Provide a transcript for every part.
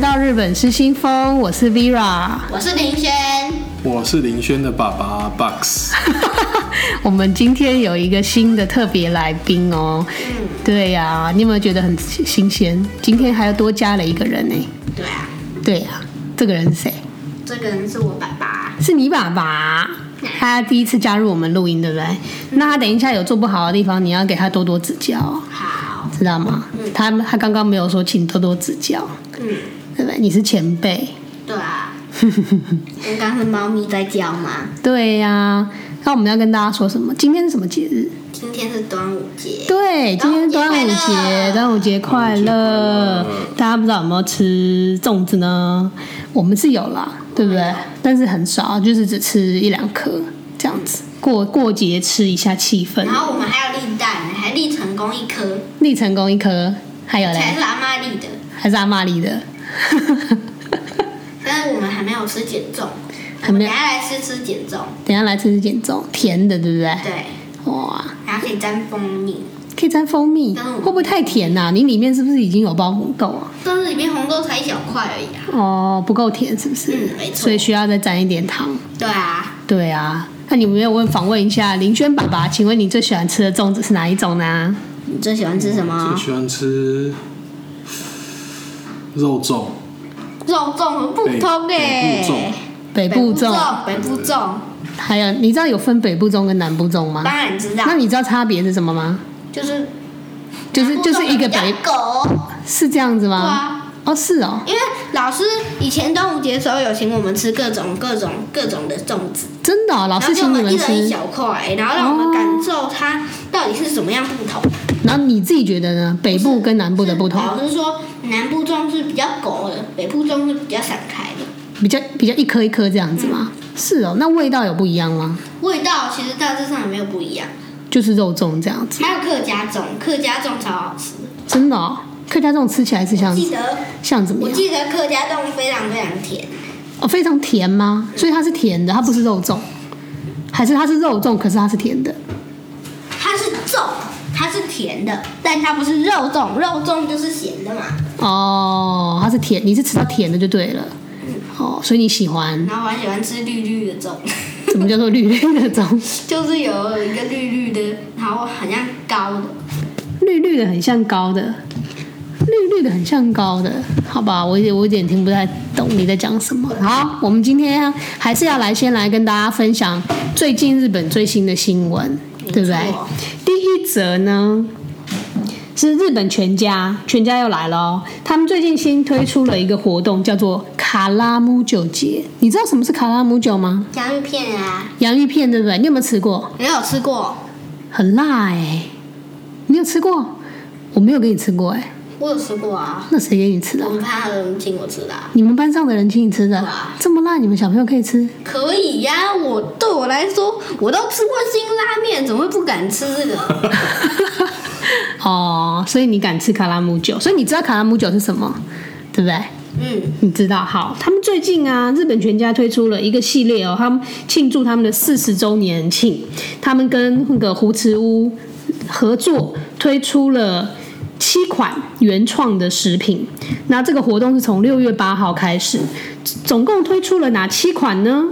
到日本失心瘋，我是 Vera，我是林軒，我是林軒的爸爸 Box。Bugs、 我們今天有一個新的特別來賓哦、喔，嗯，對呀、啊，你有沒有覺得很新鮮？今天還要多加了一個人呢、欸。對啊，對啊，這個人是誰？這個人是我爸爸，是你爸爸，他第一次加入我們錄音，對不對、嗯？那他等一下有做不好的地方，你要給他多多指教，好，知道嗎？嗯、他他剛剛沒有說請多多指教，嗯。對不對？你是前輩。對啊。 剛剛是貓咪在叫嗎？對呀、啊。那我們要跟大家說什麼？今天是什麼節日？今天是端午節。對，今天端午節，端午節，端午節快樂。大家不知道有沒有吃粽子呢？我們是有啦，對不對？但是很少，就是只吃一兩顆這樣子。過過節吃一下氣氛。然後我們還有立蛋，還立成功一顆。立成功一顆，還有嘞？還是阿媽立的？還是阿媽立的。 但是我們還沒有吃鹼粽。還沒有，等下來吃吃鹼粽，等下來吃吃鹼粽，甜的對不對？對，哇，還可以沾蜂蜜，可以沾蜂蜜，但蜂蜜，會不會太甜啊？你裡面是不是已經有包紅豆啊？但是裡面紅豆才一小塊而已啊。哦，不夠甜是不是？嗯，沒錯，所以需要再沾一點糖。嗯、對啊，對啊，那你有沒有，有問訪問一下林軒爸爸，請問你最喜歡吃的粽子是哪一種呢？你最喜歡吃什麼？最喜歡吃。肉粽，肉粽很不同誒、欸，北部粽，北部粽，北部粽還有、哎，你知道有分北部粽跟南部粽嗎？當然知道。那你知道差別是什麼嗎？就是，就是、就是、就是一個北，是這樣子嗎？對啊。哦，是哦，因為老師以前端午節的時候有請我們吃各種各種各種，各種的粽子，真的。哦，老師請我們吃一,一小塊。哦，然後讓我們感受它到底是什麼樣不同。然後你自己覺得呢？北部跟南部的不同？不老師說南部粽是比較裹的，北部粽是比較散開的，比較比較一顆一顆這樣子嗎？嗯？是哦，那味道有不一樣嗎？味道其實大致上也沒有不一樣，就是肉粽這樣子。還有客家粽，客家粽超好吃，真的。哦。客家粽吃起來是像，像怎麼樣？我記得客家粽非常非常甜。哦，非常甜嗎？所以它是甜的，它不是肉粽，還是它是肉粽，可是它是甜的。它是粽，它是甜的，但它不是肉粽，肉粽就是鹹的嘛。哦，它是甜，你是吃到甜的就對了、嗯。哦，所以你喜歡。然後我還喜歡吃綠綠的粽。 怎麼叫做綠綠的粽？ 就是有一個綠綠的，然後很像糕的。綠綠的很像糕的。綠綠的很像高的，好吧，我我有點聽不太懂你在講什麼。好，我們今天還是要來先來跟大家分享最近日本最新的新聞，對不對？第一則呢是日本全家，全家又來了、哦，他們最近新推出了一個活動，叫做咔拉姆久節。你知道什麼是咔拉姆久嗎？洋芋片啊，洋芋片，對不對？你有沒有吃過？沒有吃過，很辣哎、欸，你有吃過？我沒有給你吃過哎、欸。我有吃過啊，那誰給你吃的？我們班上的人請我吃的，啊。你們班上的人請你吃的？啊，這麼辣，你們小朋友可以吃？可以呀，啊，我對我來說，我都吃過辛拉麵，怎麼會不敢吃這個？ 哦，所以你敢吃咔拉姆久，所以你知道咔拉姆久是什麼，對不對？嗯。你知道？好，他們最近啊，日本全家推出了一個系列哦，他們慶祝他們的四十周年慶，他們跟那個湖池屋合作推出了。七款原創的食品，那這個活動是從六月八號開始，總共推出了哪七款呢？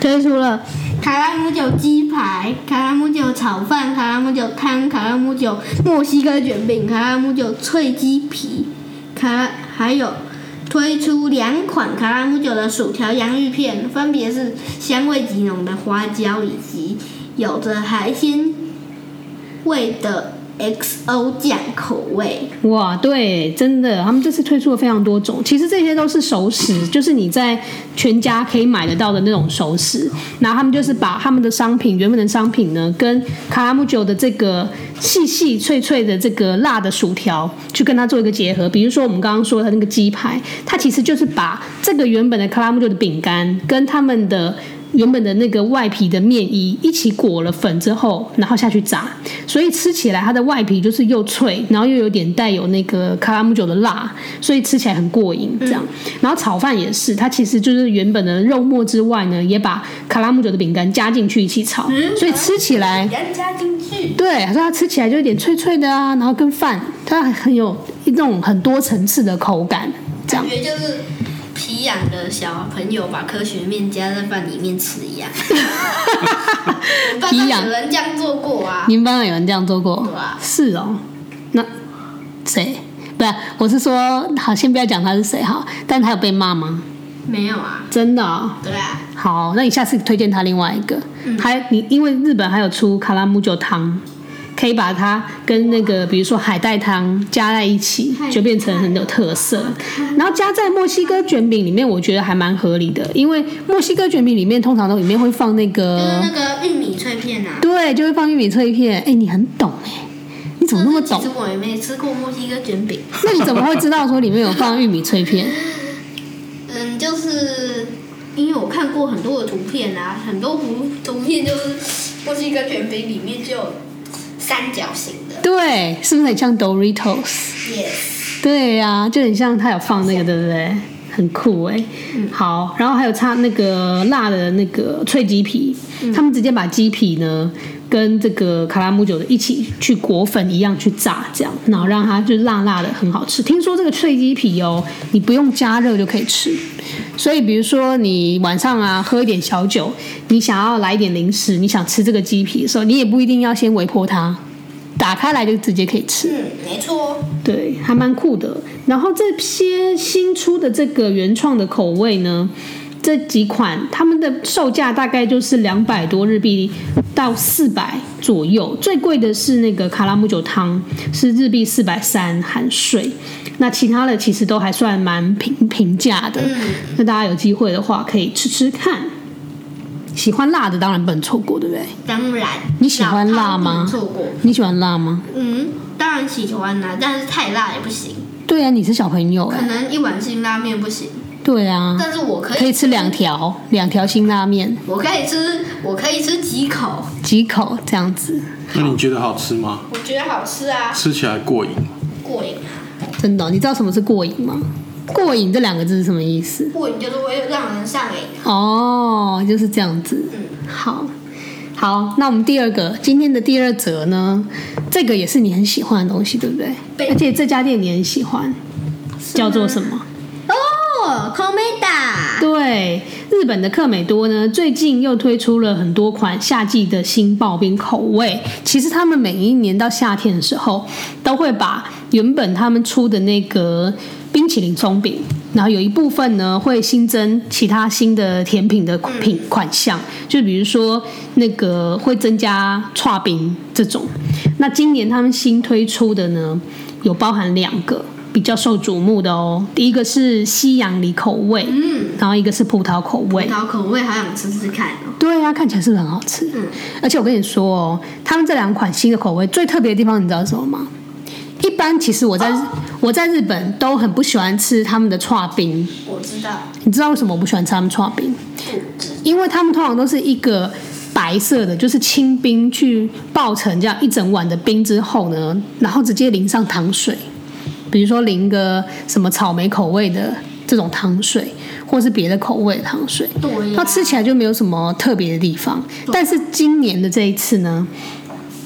推出了咔拉姆久雞排、咔拉姆久炒飯、咔拉姆久湯、咔拉姆久墨西哥卷餅、咔拉姆久脆雞皮，卡還有推出兩款咔拉姆久的薯條、洋芋片，分別是香味極濃的花椒以及有着海鮮味的。XO 醬口味哇！對，真的，他們這次推出了非常多種。其實這些都是熟食，就是你在全家可以買得到的那種熟食。然後他們就是把他們的商品，原本的商品呢，跟咔拉姆久的這個細細脆脆的這個辣的薯條，去跟它做一個結合。比如說我們剛剛說的那個雞排，它其實就是把這個原本的咔拉姆久的餅乾跟他們的。原本的那個外皮的麵衣一起裹了粉之後，然後下去炸，所以吃起來它的外皮就是又脆，然後又有點帶有那個咔拉姆久的辣，所以吃起來很過癮這樣、嗯。然後炒飯也是，它其實就是原本的肉末之外呢，也把咔拉姆久的餅乾加進去一起炒，嗯、所以吃起來加進去，對，所以它吃起來就有點脆脆的啊，然後跟飯它很有一種很多層次的口感，感覺就是。皮癢的小朋友把科學麵加在飯裡面吃一樣 養。我班上有人這樣做過啊。你們班上有人這樣做過？對啊。是哦，那誰？不是、啊，我是說，好，先不要講他是誰哈，但是他有被罵嗎？沒有啊。真的、哦。對、啊。好，那你下次推薦他另外一個，嗯、還你，因為日本還有出卡拉姆久湯。可以把它跟那個，比如說海帶湯加在一起，就變成很有特色。然後加在墨西哥捲餅裡面，我覺得還蠻合理的，因為墨西哥捲餅裡面通常都裡面會放那個。就是那個玉米脆片啊。對，就會放玉米脆片。哎、欸，你很懂哎、欸，你怎麼那麼懂？其實我也沒吃過墨西哥捲餅， 那你怎麼會知道說裡面有放玉米脆片？ 嗯，就是因為我看過很多的圖片啊，很多幅圖片就是墨西哥捲餅裡面就三角形的，對，是不是很像 Doritos？Yes. 對啊，就很像，它有放那個，對不對？很酷哎、欸嗯。好，然後還有它那個辣的那個脆雞皮，嗯、他們直接把雞皮呢跟這個卡拉姆久的一起去裹粉一樣去炸，這樣然後讓它就辣辣的很好吃。聽說這個脆雞皮哦，你不用加熱就可以吃。所以，比如說你晚上啊喝一點小酒，你想要來一點零食，你想吃這個雞皮的時候，你也不一定要先微波它，打開來就直接可以吃。嗯，沒錯。對，還蠻酷的。然後這些新出的這個原創的口味呢，這幾款他們的售價大概就是兩百多日幣到四百左右，最貴的是那個咔拉姆久湯是日幣四百三含稅。那其他的其實都還算蠻平平價的，那、嗯、大家有機會的話可以吃吃看。喜歡辣的當然不能錯過，對不對？當然。你喜歡辣嗎？錯過。你喜歡辣嗎？嗯，當然喜歡啦，但是太辣也不行。對啊，你是小朋友，可能一碗辛拉麵不行。對啊。但是我可以可以吃兩條，兩條辛拉麵。我可以吃，我可以吃幾口？幾口這樣子。那你覺得好吃嗎？我覺得好吃啊，吃起來過癮。過癮。你知道什麼是過癮嗎？過癮這兩個字是什麼意思？過癮就是會讓人上癮。哦、oh,，就是這樣子、嗯。好，好，那我們第二個今天的第二則呢，這個也是你很喜歡的東西，對不對？而且這家店你很喜歡，叫做什麼？哦、oh,，Komeda。對，日本的客美多呢，最近又推出了很多款夏季的新刨冰口味。其實他們每一年到夏天的時候，都會把。原本他們出的那個冰淇淋鬆餅，然後有一部分呢，會新增其他新的甜品的款、嗯、品款項，就比如說那個會增加剉冰這種。那今年他們新推出的呢，有包含兩個比較受矚目的哦，第一個是西洋梨口味，嗯，然後一個是葡萄口味，葡萄口味好想吃吃看哦。對啊，看起來是不是很好吃？嗯，而且我跟你說哦，他們這兩款新的口味最特別的地方，你知道什麼嗎？一般其實我在我在日本都很不喜歡吃他們的刨冰。我知道。你知道為什麼我不喜歡吃他們刨冰？因為他們通常都是一個白色的，就是清冰去刨成這樣一整碗的冰之後呢，然後直接淋上糖水，比如說淋個什麼草莓口味的這種糖水，或是別的口味的糖水。它吃起來就沒有什麼特別的地方。但是今年的這一次呢，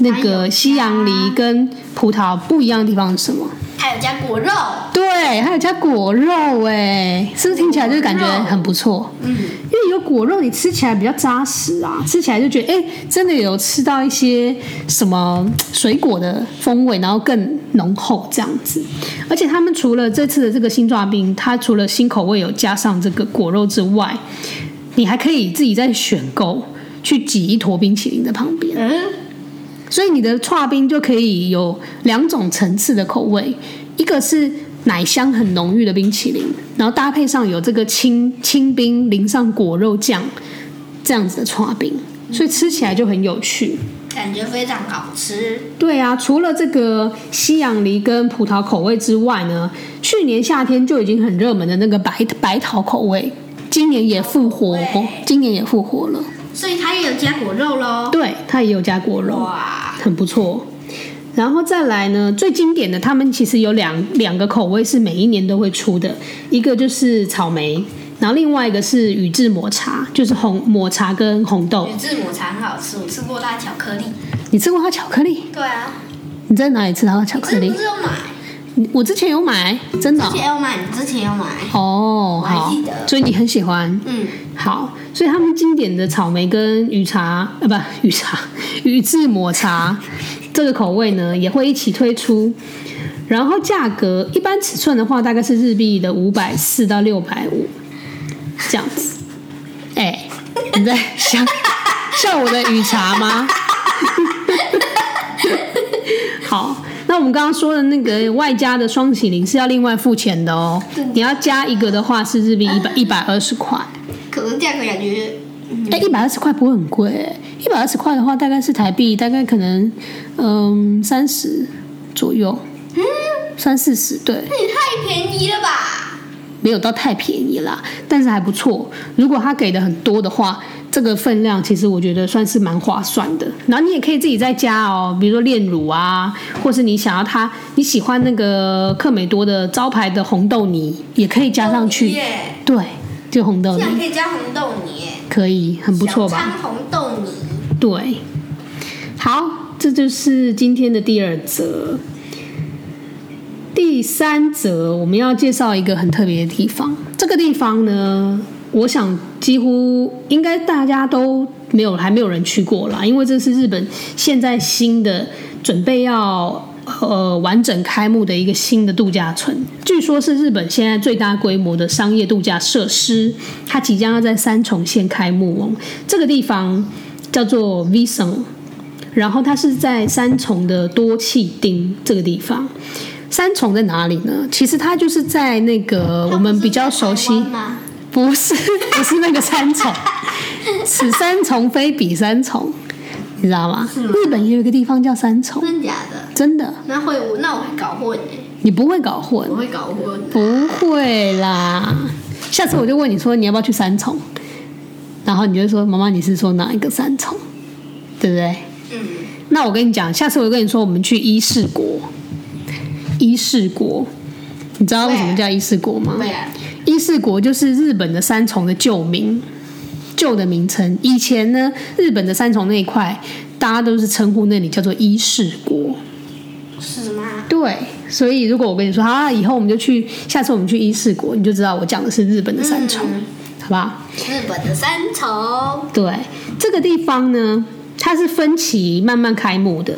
那個西洋梨跟。葡萄不一樣的地方是什麼？還有加果肉。對，還有加果肉，哎，是不是聽起來就是感覺很不錯？嗯，因為有果肉，你吃起來比較扎實啊，吃起來就覺得，哎、欸，真的有吃到一些什麼水果的風味，然後更濃厚這樣子。而且他們除了這次的這個新剉冰，它除了新口味有加上這個果肉之外，你還可以自己再選購去擠一坨冰淇淋在旁邊。嗯。所以你的剉冰就可以有兩種層次的口味，一個是奶香很濃郁的冰淇淋，然後搭配上有這個清清冰淋上果肉醬，這樣子的剉冰，所以吃起來就很有趣。嗯，感覺非常好吃。對啊，除了這個西洋梨跟葡萄口味之外呢，去年夏天就已經很熱門的那個白白桃口味，今年也復活哦，今年也復活了。所以它也有加果肉咯，對，它也有加果肉。哇，很不錯。然後再來呢，最經典的，他們其實有兩兩個口味是每一年都會出的，一個就是草莓，然後另外一個是宇治抹茶，就是紅抹茶跟紅豆。宇治抹茶很好吃，我吃過它的巧克力。你吃過它巧克力。對啊。你在哪裡吃到它的巧克力？我這不買。我之前有買，真的、哦。之前有買，你之前有買。哦、oh,，好。所以你很喜歡。嗯好。好，所以他們經典的草莓跟宇治茶啊，不宇治茶，宇治、啊、宇治抹茶這個口味呢，也會一起推出。然後價格一般尺寸的話，大概是日幣的五百四到六百五這樣子。哎、欸，你在想 像我的宇治茶嗎？ 我們剛剛說的那個外加的霜淇淋是要另外付錢的哦。對對對，你要加一個的話，是日幣一百一百二十塊。可能價格感覺……但一百二十塊不會很貴。一百二十塊的話，大概是台幣，大概可能嗯三十左右。嗯，三四十，對。那、嗯、也太便宜了吧？沒有到太便宜啦，但是還不錯。如果他給的很多的話。這個分量，其實我覺得算是蠻划算的，然後你也可以自己在家哦，比如說煉乳啊，或是你想要它，你喜歡那個客美多的招牌的紅豆泥，也可以加上去。耶對，就紅豆泥。這樣可以加紅豆泥，可以，很不錯吧？加紅豆泥。對，好，這就是今天的第二則。第三則，我們要介紹一個很特別的地方，這個地方呢，我想。幾乎應該大家都沒有，還沒有人去過啦。因為這是日本現在新的準備要呃完整開幕的一個新的度假村，據說是日本現在最大規模的商業度假設施，它即將要在三重縣開幕哦。這個地方叫做 Vison，然後它是在三重的多氣町這個地方。三重在哪裡呢？其實它就是在那個我們比較熟悉。不是，不是那個三重， 此三重非彼三重，你知道嗎？嗎日本也有一個地方叫三重，真的假的？真的。那會我，那我會搞混，你不會搞混？我會搞混啊。不會啦。嗯。下次我就問你說你要不要去三重，然後你就說媽媽你是說哪一個三重，對不對？嗯。那我跟你講，下次我就跟你說我們去伊勢國，伊勢國，你知道為什麼叫伊勢國嗎？對伊勢國就是日本的三重的舊名，舊的名稱。以前呢，日本的三重那一塊，大家都是稱呼那裡叫做伊勢國。是嗎？對，所以如果我跟你說啊，以後我們就去，下次我們去伊勢國，你就知道我講的是日本的三重，嗯，好不好？日本的三重。對，這個地方呢，它是分期慢慢開幕的。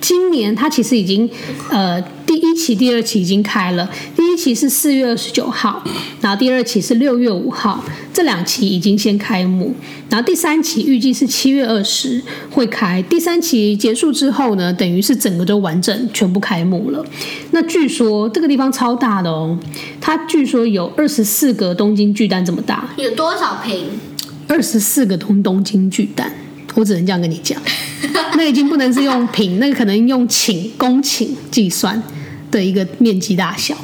今年它其實已經呃第一期、第二期已經開了。第一期是四月二十九號，然後第二期是六月五號，這兩期已經先開幕，然後第三期預計是七月二十會開。第三期結束之後呢，等於是整個都完整全部開幕了。那據說這個地方超大的哦，它據說有二十四個東京巨蛋這麼大，有多少坪？二十四個東東京巨蛋，我只能這樣跟你講， 那個已經不能是用坪，那個、可能用頃、公頃計算的一個面積大小。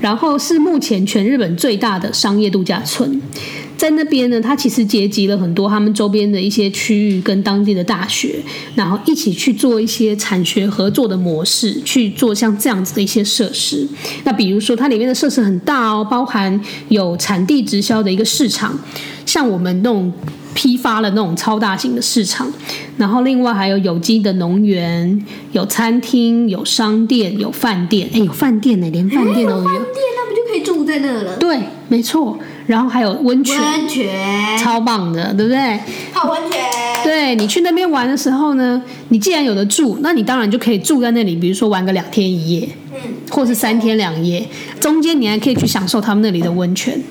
然後是目前全日本最大的商業度假村。在那邊呢，它其實結集了很多他們周邊的一些區域跟當地的大學，然後一起去做一些產學合作的模式，去做像這樣子的一些設施。那比如說，它裡面的設施很大哦，包含有產地直銷的一個市場，像我們那種批發的那種超大型的市場，然後另外還有有機的農園，有餐廳，有商店，有飯店，誒、哎，有飯店呢，連飯店都有，哎。有飯店，那不就可以住在那了？對，沒錯。然後還有溫泉,溫泉，超棒的，對不對？好溫泉。對你去那邊玩的時候呢，你既然有的住，那你當然就可以住在那裡。比如說玩個兩天一夜，嗯、或是三天兩夜、嗯，中間你還可以去享受他們那裡的溫泉，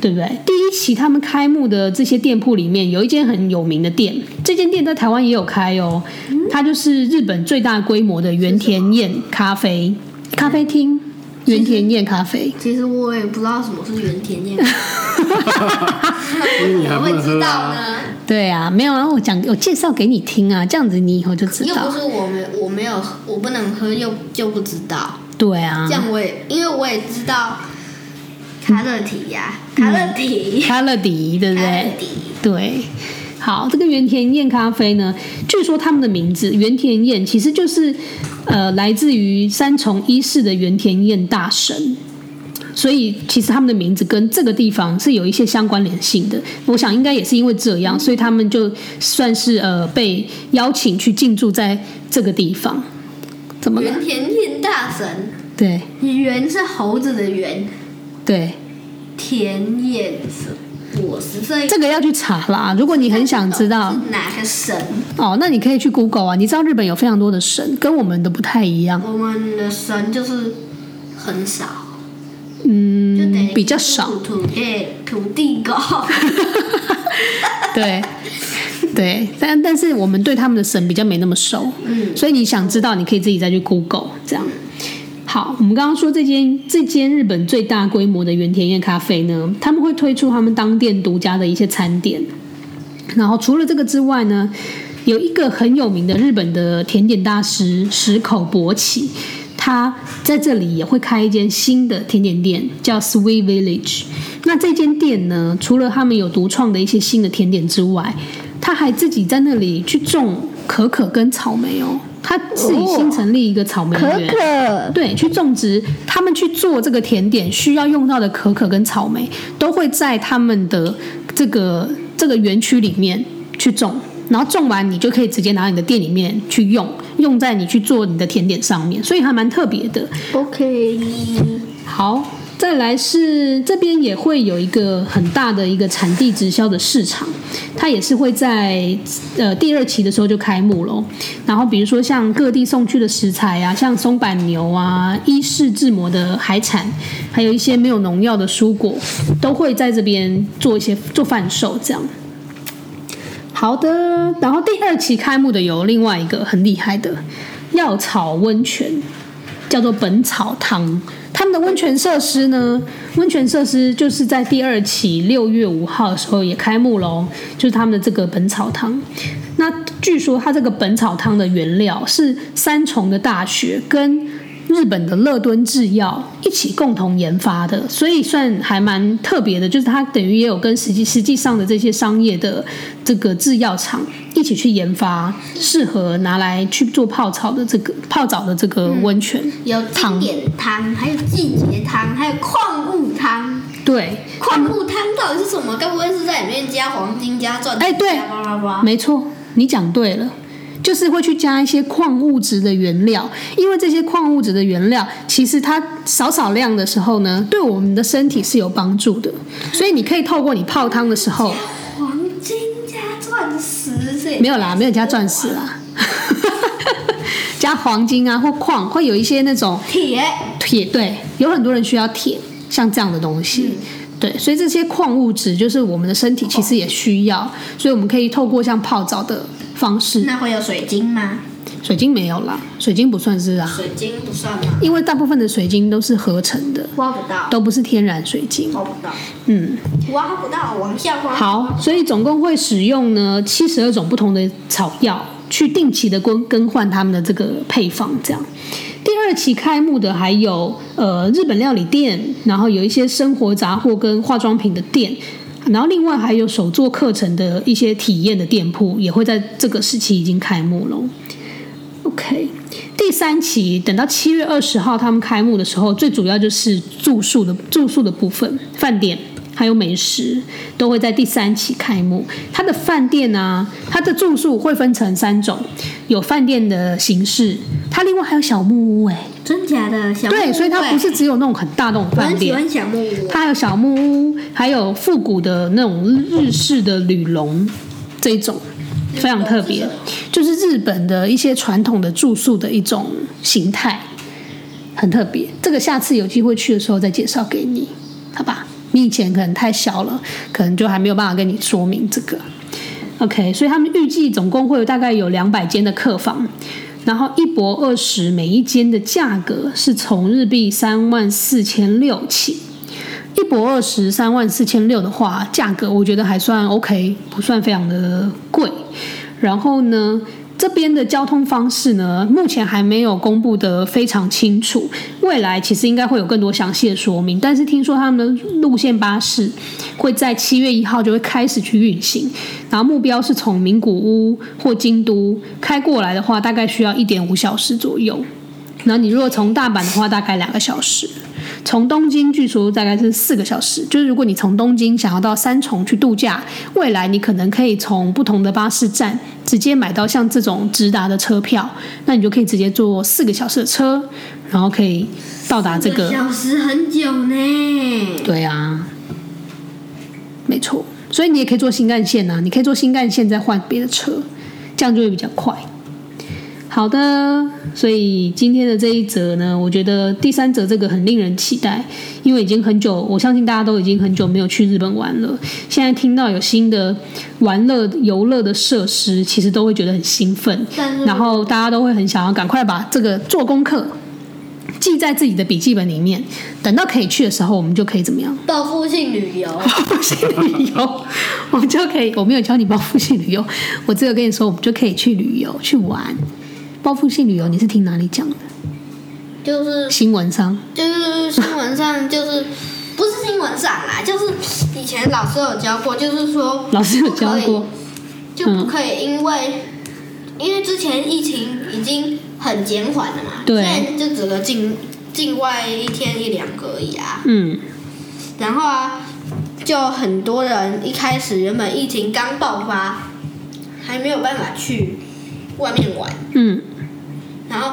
對不對？第一期他們開幕的這些店鋪裡面，有一間很有名的店，這間店在台灣也有開哦，嗯、它就是日本最大規模的猿田彥咖啡咖啡廳。嗯原田念咖啡其。其實我也不知道什麼是原田念咖啡。哈 哈 你還、啊、會知道呢？對啊，沒有啊，我講，我介紹給你聽啊，這樣子你以後就知道。又不是我，我沒有，我不能喝，又就不知道。對啊。這樣我也，因為我也知道卡樂迪呀，卡樂、啊嗯、迪，卡樂迪，對不對？卡樂迪對。好，這個猿田彥咖啡呢，據說他們的名字猿田彥，其實就是呃，來自於三重伊勢的猿田彥大神，所以其實他們的名字跟這個地方是有一些相關聯性的。我想應該也是因為這樣，所以他們就算是呃被邀請去進駐在這個地方。怎麼？猿田彥大神？對。猿是猴子的猿。對。田彥子。這個要去查啦。如果你很想知道哪個神哦，那你可以去 Google 啊。你知道日本有非常多的神，跟我們的不太一樣。我們的神就是很少，嗯，比較少土，土地土地狗 對對，但但是我們對他們的神比較沒那麼熟，嗯，所以你想知道，你可以自己再去 Google 這樣。好，我們剛剛說這間這間日本最大規模的猿田彥咖啡呢，他們會推出他們當店獨家的一些餐點。然後除了這個之外呢，有一個很有名的日本的甜點大師辻口博啓，他在這裡也會開一間新的甜點店，叫 Sweet Village。那這間店呢，除了他們有獨創的一些新的甜點之外，他還自己在那裡去種可可跟草莓哦。他自己新成立一個草莓園，哦，可可，對，去種植。他們去做這個甜點需要用到的可可跟草莓，都會在他們的這個這個園區裡面去種。然後種完，你就可以直接拿你的店裡面去用，用在你去做你的甜點上面。所以還蠻特別的。OK，好。再來是這邊也會有一個很大的一個產地直銷的市場，它也是會在呃第二期的時候就開幕了。然後比如說像各地送去的食材啊，像松阪牛啊、伊勢志摩的海產，還有一些沒有農藥的蔬果，都會在這邊做一些做販售這樣。好的，然後第二期開幕的有另外一個很厲害的藥草溫泉。叫做本草湯，他們的溫泉設施呢，溫泉設施就是在第二期六月五號的時候也開幕了，就是他們的這個本草湯。那據說它這個本草湯的原料是三重的大雪跟。日本的樂敦製藥一起共同研發的，所以算還蠻特別的。就是它等於也有跟實際實際上的這些商業的這個製藥廠一起去研發適合拿來去做泡澡的這個泡澡的這個溫泉。嗯，有經典湯，還有季節湯，還有礦物湯。對，礦物湯到底是什麼？該不會是在裡面加黃金加鑽的加、加鑽石？哎，對，拉拉拉拉沒錯，你講對了。就是會去加一些礦物質的原料，因為這些礦物質的原料，其實它少少量的時候呢，對我們的身體是有幫助的。所以你可以透過你泡湯的時候，黃金加鑽石？沒有啦，沒有加鑽石啦， 加黃金啊，或礦，會有一些那種鐵，鐵，對，有很多人需要鐵，像這樣的東西。嗯對，所以這些礦物質就是我們的身體其實也需要，哦，所以我們可以透過像泡澡的方式。那會有水晶嗎？水晶沒有啦，水晶不算是啊。水晶不算嗎？因為大部分的水晶都是合成的，挖不到，都不是天然水晶。挖不到，嗯，挖不到，往下挖。好，所以總共會使用呢，七十二種不同的草藥，去定期的更更換他們的這個配方這樣。第二期開幕的還有呃日本料理店，然後有一些生活雜貨跟化妝品的店，然後另外還有手作課程的一些體驗的店鋪也會在這個時期已經開幕了。OK，第三期等到七月二十號他們開幕的時候，最主要就是住宿的住宿的部分，飯店。還有美食都會在第三期開幕。它的飯店啊，它的住宿會分成三種，有飯店的形式，它另外還有小木屋欸。哎，真假的小木屋對？對，所以它不是只有那種很大那種飯店。我很喜歡小木屋。它還有小木屋，還有復古的那種日式的旅籠這一種，非常特別，就是日本的一些傳統的住宿的一種形態，很特別。這個下次有機會去的時候再介紹給你，好吧？你以前可能太小了，可能就還沒有辦法跟你說明這個。OK，所以他們預計總共會有大概有兩百間的客房，然後一泊二食，每一間的價格是從日幣三萬四千六起，一泊二食三萬四千六的話，價格我覺得還算 OK，不算非常的貴。然後呢？這邊的交通方式呢，目前還沒有公布的非常清楚。未來其實應該會有更多詳細的說明，但是聽說他們的路線巴士會在七月一號就會開始去運行。然後目標是從名古屋或京都開過來的話，大概需要一點五小時左右。然後你如果從大阪的話，大概兩個小時。從東京，據說大概是四個小時。就是如果你從東京想要到三重去度假，未來你可能可以從不同的巴士站直接買到像這種直達的車票，那你就可以直接坐四個小時的車，然後可以到達這個。四個小時很久呢。對啊，沒錯。所以你也可以坐新幹線呐、啊，你可以坐新幹線再換別的車，這樣就會比較快。好的，所以今天的這一則呢，我覺得第三則這個很令人期待，因為已經很久，我相信大家都已經很久沒有去日本玩了。現在聽到有新的玩樂、遊樂的設施，其實都會覺得很興奮，然後大家都會很想要趕快把這個做功課記在自己的筆記本裡面，等到可以去的時候，我們就可以怎麼樣？報復性旅遊。報復性旅遊。我們就可以，我沒有教你報復性旅遊，我只有跟你說，我們就可以去旅遊、去玩。報復性旅遊，你是聽哪裡講的？就是新聞上，就是新聞上，就是不是新聞上啦， 就是以前老師有教過，就是說老師有教過，不可以，就不可以，因為、嗯、因為之前疫情已經很減緩了嘛，對，現在就只能境境外一天一兩個而已啊。嗯。然後啊，就很多人一開始原本疫情剛爆發，還沒有辦法去外面玩，嗯。然後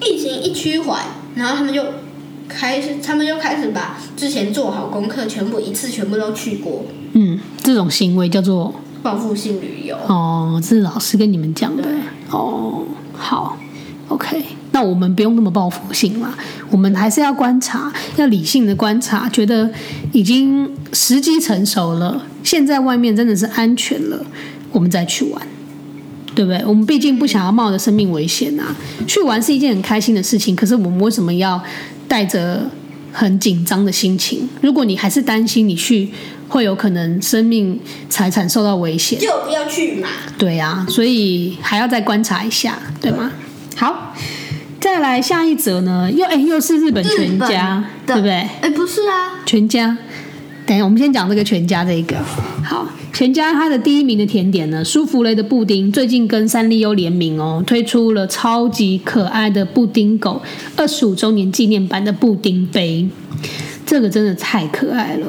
疫情一趨緩，然後他們就開始，他們就開始把之前做好功課，全部一次全部都去過。嗯，這種行為叫做報復性旅遊。哦，這是老師跟你們講的。哦，好，OK。那我們不用那麼報復性了，我們還是要觀察，要理性的觀察，覺得已經時機成熟了，現在外面真的是安全了，我們再去玩。對不對？我們畢竟不想要冒着生命危險啊，去玩是一件很開心的事情。可是我們為什麼要帶着很緊張的心情？如果你還是擔心你去會有可能生命財產受到危險，就不要去嘛。對啊，所以還要再觀察一下，對嗎？對。好，再來下一則呢？又誒，又是日本全家，對不對？哎，不是啊，全家。等一下，我們先講這個全家這一個。好。全家它的第一名的甜點呢，舒芙蕾的布丁，最近跟三麗鷗聯名哦，推出了超級可愛的布丁狗二十五周年紀念版的布丁杯，這個真的太可愛了。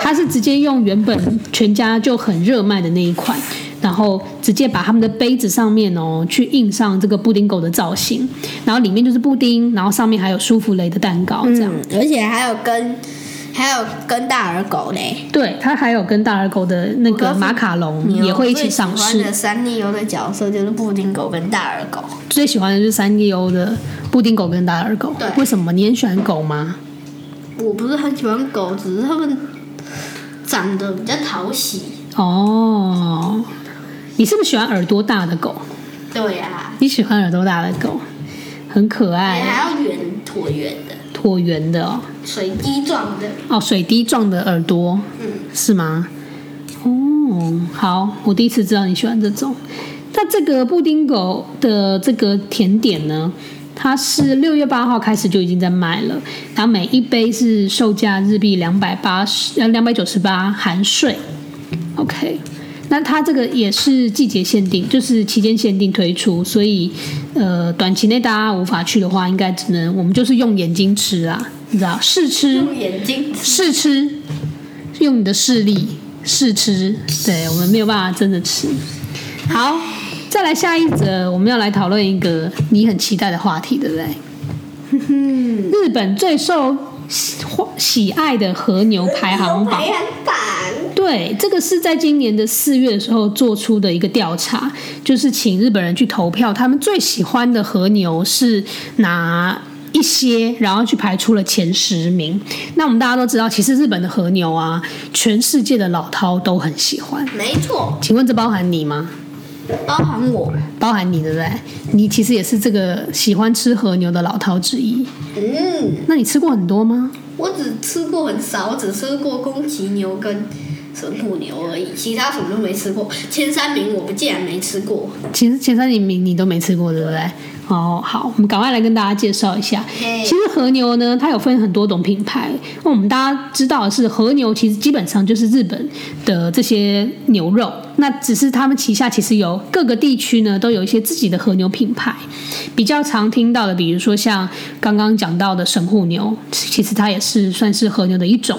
它是直接用原本全家就很熱賣的那一款，然後直接把他們的杯子上面哦去印上這個布丁狗的造型，然後裡面就是布丁，然後上面還有舒芙蕾的蛋糕這樣。嗯，而且還有跟。還有跟大耳狗呢？對，它還有跟大耳狗的那個馬卡龍也會一起賞識。我我喜歡的三 D O 的角色就是布丁狗跟大耳狗。最喜歡的是三 D O 的布丁狗跟大耳狗。對，為什麼？你很喜歡狗嗎？我不是很喜歡狗，只是它們長得比較討喜。哦，你是不是喜歡耳朵大的狗？對呀、啊，你喜歡耳朵大的狗，很可愛。還要圓橢圓的。橢圓的哦，水滴狀的哦，水滴狀的耳朵，嗯，是嗎？哦，好，我第一次知道你喜歡這種。那這個布丁狗的這個甜點呢，它是六月八號開始就已經在賣了，然後每一杯是售價日幣兩百八十，呃，兩百九十八含稅。OK。那它這個也是季節限定，就是期間限定推出，所以，呃，短期內大家無法去的話，應該只能我們就是用眼睛吃啊，你知道，試吃，用眼睛吃試吃，用你的視力試吃。對我們沒有辦法真的吃。好，再來下一則，我們要來討論一個你很期待的話題，對不對？ 日本最受喜歡喜愛的和牛排行榜，排行榜，對，這個是在今年的四月的時候做出的一個調查，就是請日本人去投票，他們最喜歡的和牛是哪一些，然後去排出了前十名。那我們大家都知道，其實日本的和牛啊，全世界的老饕都很喜歡，沒錯。請問這包含你嗎？包含我，包含你，對不對？你其實也是這個喜歡吃和牛的老饕之一。嗯，那你吃過很多嗎？我只吃過很少，我只吃過宮崎牛跟神戶牛而已，其他什麼都沒吃過。前三名我不竟然沒吃過。其實前三名你都沒吃過，對不對？對哦，好，我們趕快來跟大家介紹一下。其實和牛呢，它有分很多種品牌。那我們大家知道的是，和牛其實基本上就是日本的這些牛肉。那只是他們旗下其實有各個地區呢，都有一些自己的和牛品牌。比較常聽到的，比如說像剛剛講到的神戶牛，其實它也是算是和牛的一種。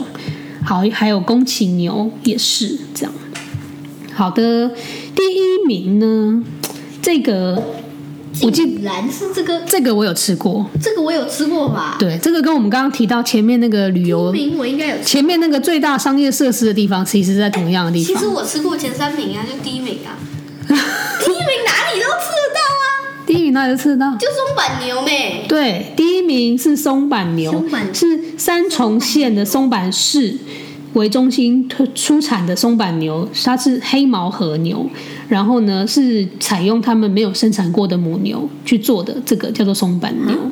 好，還有宮崎牛也是這樣。好的，第一名呢，這個。我竟然是這個，這個我有吃過，這個我有吃過嘛？對，這個跟我們剛剛提到前面那個旅遊，第一名我應該有吃過。前面那個最大商業設施的地方，其實是在同樣的地方，欸。其實我吃過前三名啊，就第一名啊， 第一名哪裡都吃得到啊，第一名哪裡都吃得到，就是松板牛咩。對，第一名是松板牛，松板牛是三重縣的松板市為中心出產的松板牛，它是黑毛和牛。然後呢，是採用他們沒有生產過的母牛去做的，這個叫做松阪牛、嗯。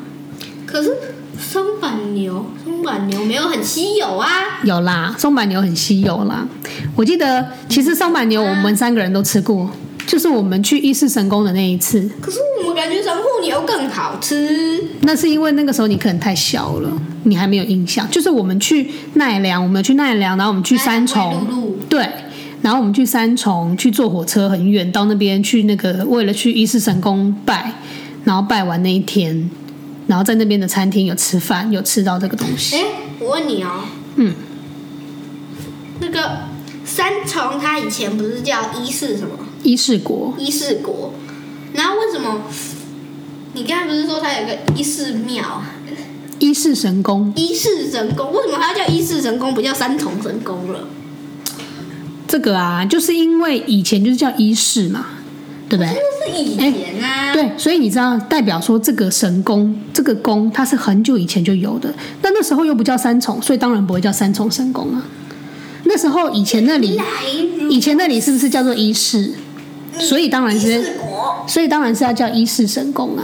可是松阪牛，松阪牛沒有很稀有啊。有啦，松阪牛很稀有啦。我記得，其實松阪牛我們三個人都吃過，嗯、就是我們去伊勢神宮的那一次。可是我們感覺神戶牛更好吃。那是因為那個時候你可能太小了，你還沒有印象。就是我們去奈良，我們去奈良，然後我們去三重，路對。然後我們去三重，去坐火車很遠，到那邊去那個為了去伊勢神宮拜，然後拜完那一天，然後在那邊的餐廳有吃飯，有吃到這個東西。哎，我問你哦，嗯，那個三重它以前不是叫伊勢什麼？伊勢國。伊勢國，然後為什麼？你剛才不是說它有一個伊勢廟？伊勢神宮。伊勢神宮，為什麼它叫伊勢神宮，不叫三重神宮了？這個啊，就是因為以前就是叫伊勢嘛，對不對？就是以前啊、欸，對，所以你知道代表說這個神宮，這個宮它是很久以前就有的，那那時候又不叫三重，所以當然不會叫三重神宮啊。那時候以前那裡，就是、以前那裡是不是叫做伊勢？所以當然說是，所以當然是要叫伊勢神宮啊，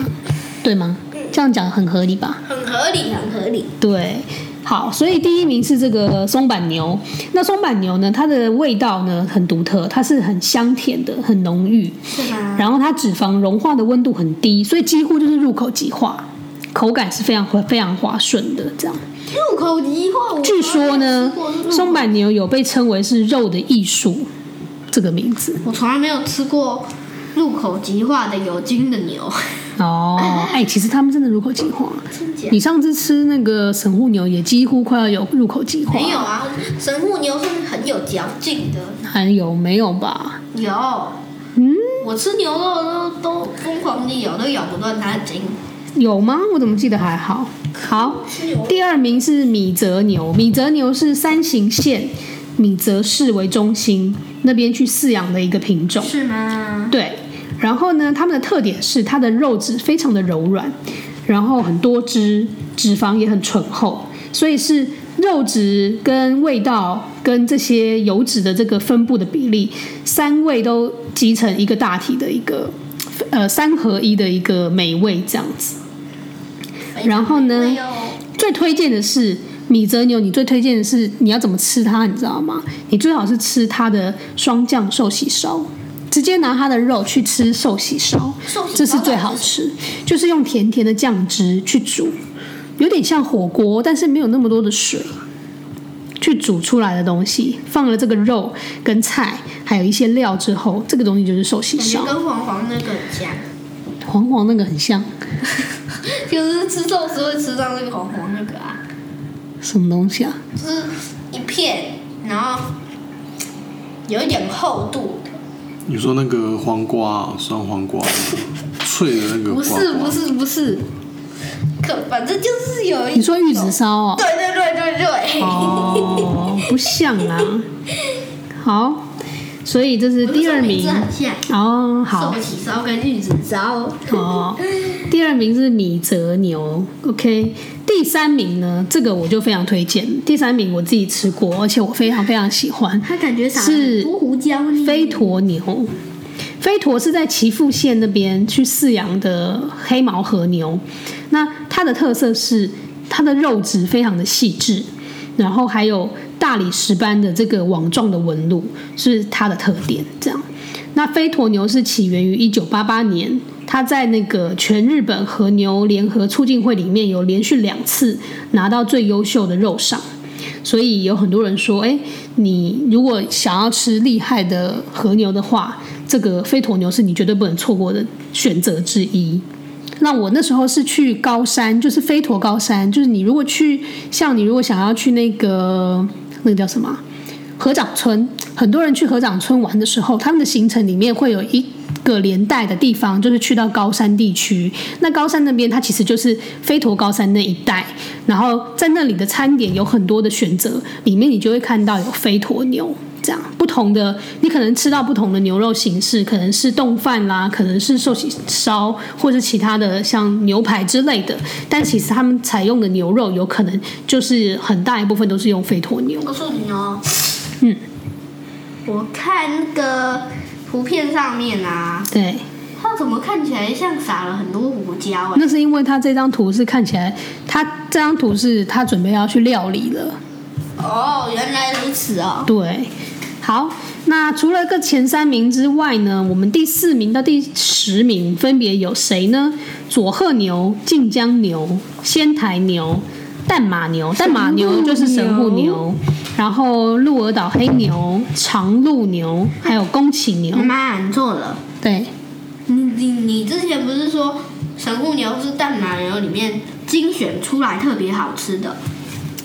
對嗎、嗯？這樣講很合理吧？很合理，很合理，對。好，所以第一名是這個松板牛。那松板牛呢，它的味道呢很獨特，它是很香甜的，很濃郁。是吧？然後它脂肪融化的溫度很低，所以幾乎就是入口即化，口感是非常非常滑順的。這樣，入口，入口即化。據說呢，松板牛有被稱為是“肉的藝術”這個名字。我從來沒有吃過入口即化的有筋的牛。哦，哎、欸，其實他們真的入口即化。嗯、你上次吃那個神戶牛也幾乎快要有入口即化。沒有啊，神戶牛是很有嚼勁的。還有沒有吧？有。嗯。我吃牛肉都都瘋狂的咬，都咬不斷它的筋。有嗎？我怎麼記得還好？好。第二名是米澤牛，米澤牛是山形縣米澤市為中心那邊去飼養的一個品種，是嗎？對。然後呢，它們的特點是它的肉質非常的柔軟，然後很多汁，脂肪也很醇厚，所以是肉質跟味道跟這些油脂的這個分布的比例，三味都集成一個大體的一個，呃，三合一的一個美味這樣子。然後呢，哦、最推薦的是米澤牛，你最推薦的是你要怎麼吃它，你知道嗎？你最好是吃它的霜降壽喜燒。直接拿它的肉去吃壽喜燒，這是最好吃，就是用甜甜的醬汁去煮，有點像火鍋，但是沒有那麼多的水去煮出來的東西，放了這個肉跟菜還有一些料之後，這個東西就是壽喜燒，跟黃黃那個很像，黃黃那個很像，就 是吃壽司會吃到那個黃黃那個啊，什麼東西啊？就是一片，然後有一點厚度。你說那個黃瓜，酸黃瓜， 脆的那個瓜瓜？不是不是不是，可反正就是有一種。你說玉子燒哦？對對對對對。哦，不像啊。好，所以這是第二名哦。好，壽喜燒跟玉子燒，哦。好，第二名是米澤牛。OK。第三名呢，這個我就非常推薦。第三名我自己吃過，而且我非常非常喜歡。它感覺啥？是胡胡椒飛驒牛，飛驒是在岐阜縣那邊去飼養的黑毛和牛。那它的特色是它的肉質非常的細緻，然後還有大理石般的這個網狀的紋路是它的特點。這樣，那飛驒牛是起源於一九八八年。他在那個全日本和牛聯合促進會裡面有連續兩次拿到最優秀的肉賞，所以有很多人說，哎，你如果想要吃厲害的和牛的話，這個飛驒牛是你絕對不能錯過的選擇之一。那我那時候是去高山，就是飛驒高山，就是你如果去，像你如果想要去那個那個叫什麼合掌村，很多人去合掌村玩的時候，他們的行程裡面會有一。個連帶的地方就是去到高山地區，那高山那邊它其實就是飛驒高山那一帶，然後在那裡的餐點有很多的選擇，裡面你就會看到有飛驒牛這樣不同的，你可能吃到不同的牛肉形式，可能是丼飯啦，可能是壽喜燒或是其他的像牛排之類的，但其實他們採用的牛肉有可能就是很大一部分都是用飛驒牛。我告訴你哦，嗯，我看那個。圖片上面啊，對，它怎麼看起來像撒了很多胡椒？欸？啊那是因為它這張圖是看起來，它這張圖是他準備要去料理了。哦，原來如此啊，哦。對，好，那除了個前三名之外呢，我們第四名到第十名分別有誰呢？佐賀牛、近江牛、仙台牛、但馬牛，但馬牛就是神戶牛。然後，鹿兒島黑牛、長鹿牛，還有宮崎牛。媽媽喊錯了。對。你你你之前不是說神戶牛是淡奶油裡面精選出來特別好吃的？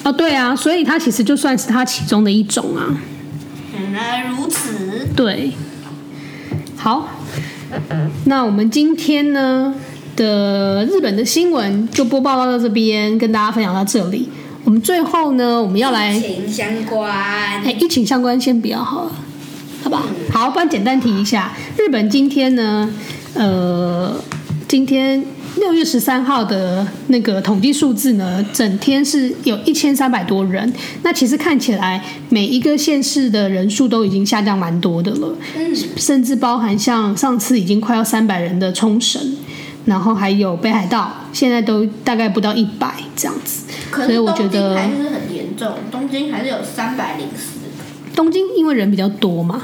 哦，對啊，所以它其實就算是它其中的一種啊。原來如此。對。好，那我們今天呢的日本的新聞就播報到這邊，跟大家分享到這裡。我們最後呢，我們要來疫情相關。誒，疫情相關先比較好了，好吧？嗯，好，不然簡單提一下。日本今天呢，呃，今天六月十三號的那個統計數字呢，整天是有一千三百多人。那其實看起來，每一個縣市的人數都已經下降蠻多的了。嗯。甚至包含像上次已經快要三百人的沖繩。然後還有北海道，現在都大概不到一百這樣子，所以我覺得東京還是很嚴重，東京還是有三百零四。東京因為人比較多嘛，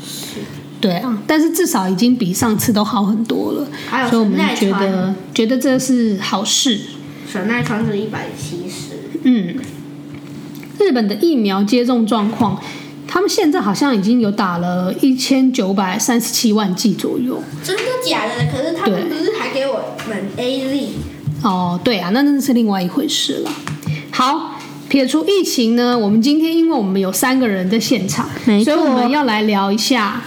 是，對啊、嗯，但是至少已經比上次都好很多了，還有所以我們覺得覺得這是好事。神奈川是一百七十，嗯，日本的疫苗接種狀況，他們現在好像已經有打了一千九百三十七萬劑左右，真的假的？可是他們不是。A 力哦，對啊，那真的是另外一回事了。好，撇除疫情呢，我們今天因為我們有三個人在現場、哦，所以我們要來聊一下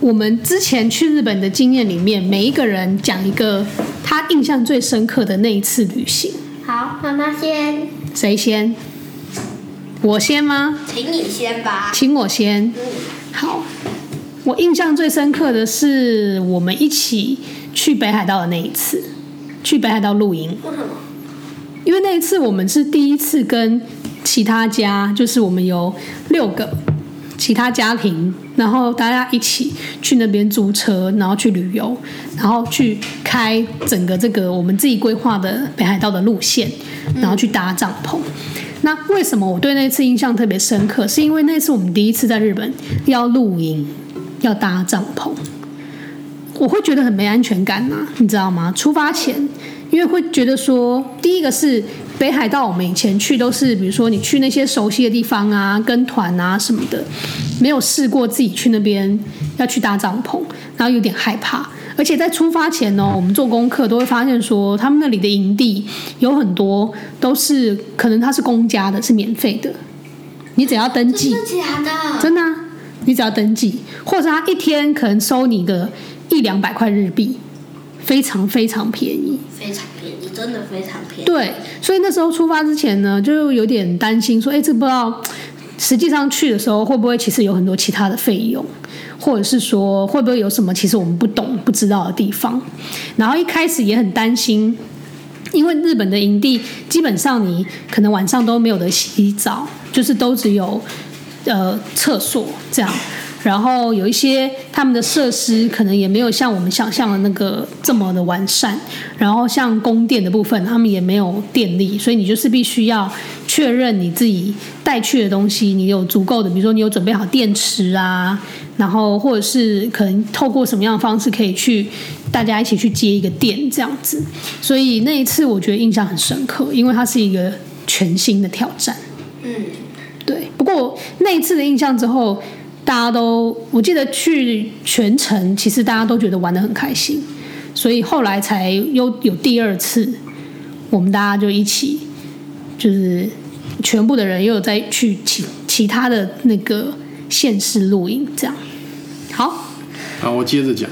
我們之前去日本的經驗裡面，每一個人講一個他印象最深刻的那一次旅行。好，媽媽先，誰先？我先嗎？請你先吧，請我先。嗯、好，我印象最深刻的是我們一起去北海道的那一次，去北海道露營。為什麼？因為那一次我們是第一次跟其他家，就是我們有六個其他家庭，然後大家一起去那邊租車，然後去旅遊，然後去開整個這個我們自己規劃的北海道的路線，然後去搭帳篷。嗯、那為什麼我對那次印象特別深刻？是因為那次我們第一次在日本要露營，要搭帳篷。我會覺得很沒安全感吶、啊，你知道嗎？出發前，因為會覺得說，第一個是北海道，我們以前去都是，比如說你去那些熟悉的地方啊，跟團啊什麼的，沒有試過自己去那邊要去搭帳篷，然後有點害怕。而且在出發前呢、哦，我們做功課都會發現說，他們那裡的營地有很多都是可能他是公家的，是免費的，你只要登記，真的，假的，真的、啊，你只要登記，或者他一天可能收你的。一兩百塊日幣，非常非常便宜，非常便宜，真的非常便宜。對，所以那時候出發之前呢，就有點擔心，說，哎，這不知道，實際上去的時候會不會其實有很多其他的費用，或者是說會不會有什麼其實我們不懂、不知道的地方？然後一開始也很擔心，因為日本的營地基本上你可能晚上都沒有得洗澡，就是都只有呃廁所這樣。然後有一些他們的設施可能也沒有像我們想象的那個這麼的完善，然後像供電的部分，他們也沒有電力，所以你就是必須要確認你自己帶去的東西，你有足夠的，比如說你有準備好電池啊，然後或者是可能透過什麼樣的方式可以去大家一起去接一個電，這樣子。所以那一次我覺得印象很深刻，因為它是一個全新的挑戰。嗯，對，不過那一次的印象之後。大家都，我記得去全程，其實大家都覺得玩得很開心，所以後來才又有，有第二次，我們大家就一起，就是全部的人又再去其其他的那個縣市露營，這樣。好，啊，我接着講，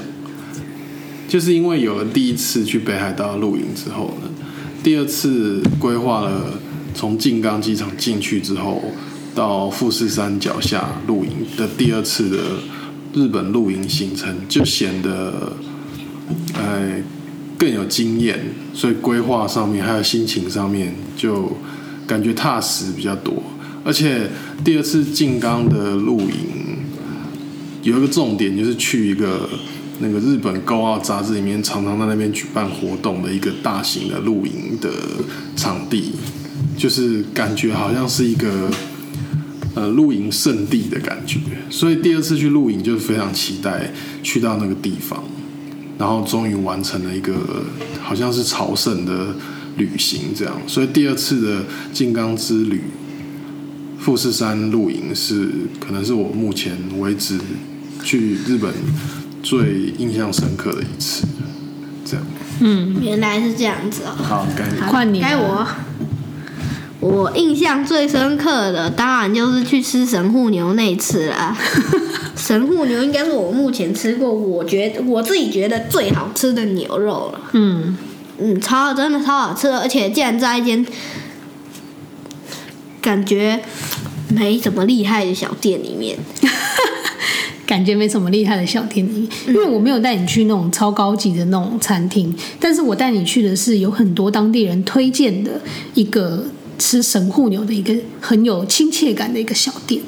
就是因為有了第一次去北海道露營之後呢，第二次規劃了從靜岡機場進去之後。到富士山腳下露營的第二次的日本露營行程就，就顯得哎更有經驗，所以規劃上面還有心情上面就感覺踏實比較多。而且第二次靜岡的露營有一個重點，就是去一個那個日本《高傲》雜誌裡面常常在那邊舉辦活動的一個大型的露營的場地，就是感覺好像是一個。露營聖地的感覺，所以第二次去露營就是非常期待去到那個地方，然後終於完成了一個好像是朝聖的旅行這樣，所以第二次的金剛之旅，富士山露營是可能是我目前為止去日本最印象深刻的一次，這樣。嗯，原來是這樣子啊、哦。好，該你，該我。我印象最深刻的，當然就是去吃神戶牛那次啦。 神戶牛應該是我目前吃過，我覺得我自己覺得最好吃的牛肉了。嗯嗯，超真的超好吃的，而且竟然在一間感覺沒什麼厲害的小店裡面， 感覺沒什麼厲害的小店裡面，因為我沒有帶你去那種超高級的那種餐廳，但是我帶你去的是有很多當地人推薦的一個。吃神戶牛的一個很有親切感的一個小店，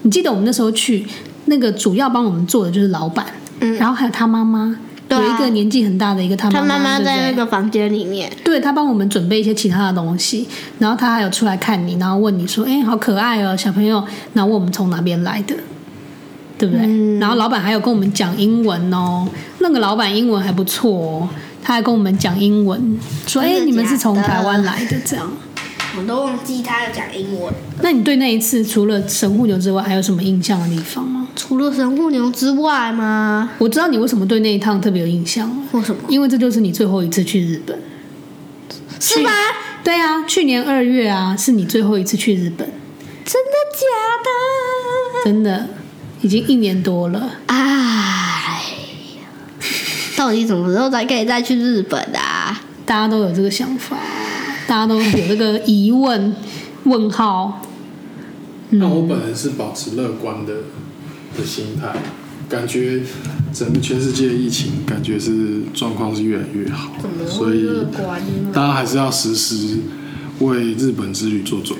你記得我們那時候去，那個主要幫我們做的就是老闆、嗯，然後還有他媽媽對、啊，有一個年紀很大的一個他媽媽，媽媽在那個房間裡面，對他幫我們準備一些其他的東西，然後他還有出來看你，然後問你說：“哎，好可愛哦，小朋友。”然後問我們從哪邊來的，對不對、嗯？然後老闆還有跟我們講英文哦，那個老闆英文還不錯哦，他還跟我們講英文，說：“真的假的。哎，你們是從台灣來的，這樣。”我都忘記他要講英文。那你對那一次除了神戶牛之外，還有什麼印象的地方嗎？除了神戶牛之外嗎？我知道你為什麼對那一趟特別有印象。為什麼？因為這就是你最後一次去日本，是嗎？對啊，去年二月啊，是你最後一次去日本。真的假的？真的，已經一年多了。哎呀，到底什麼時候才可以再去日本啊？大家都有這個想法。大家都有這個疑問問號、嗯啊。那我本人是保持樂觀的的心態，感覺整個全世界的疫情感覺是狀況是越來越好，所以大家還是要時時為日本之旅做準備，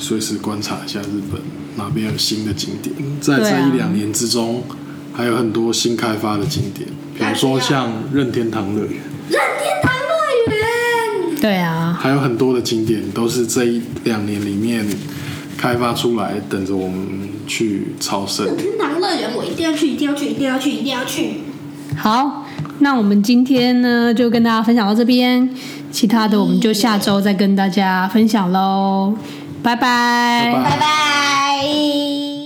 隨時觀察一下日本哪邊有新的景點。在這一兩年之中、啊、還有很多新開發的景點，比如說像任天堂樂園。任天堂。對啊，還有很多的景點都是這一兩年裡面開發出來，等着我們去朝聖。我天堂樂園，我一定要去，一定要去，一定要去，一定要去。好，那我們今天呢就跟大家分享到這邊，其他的我們就下周再跟大家分享嘍。拜拜，拜拜。Bye bye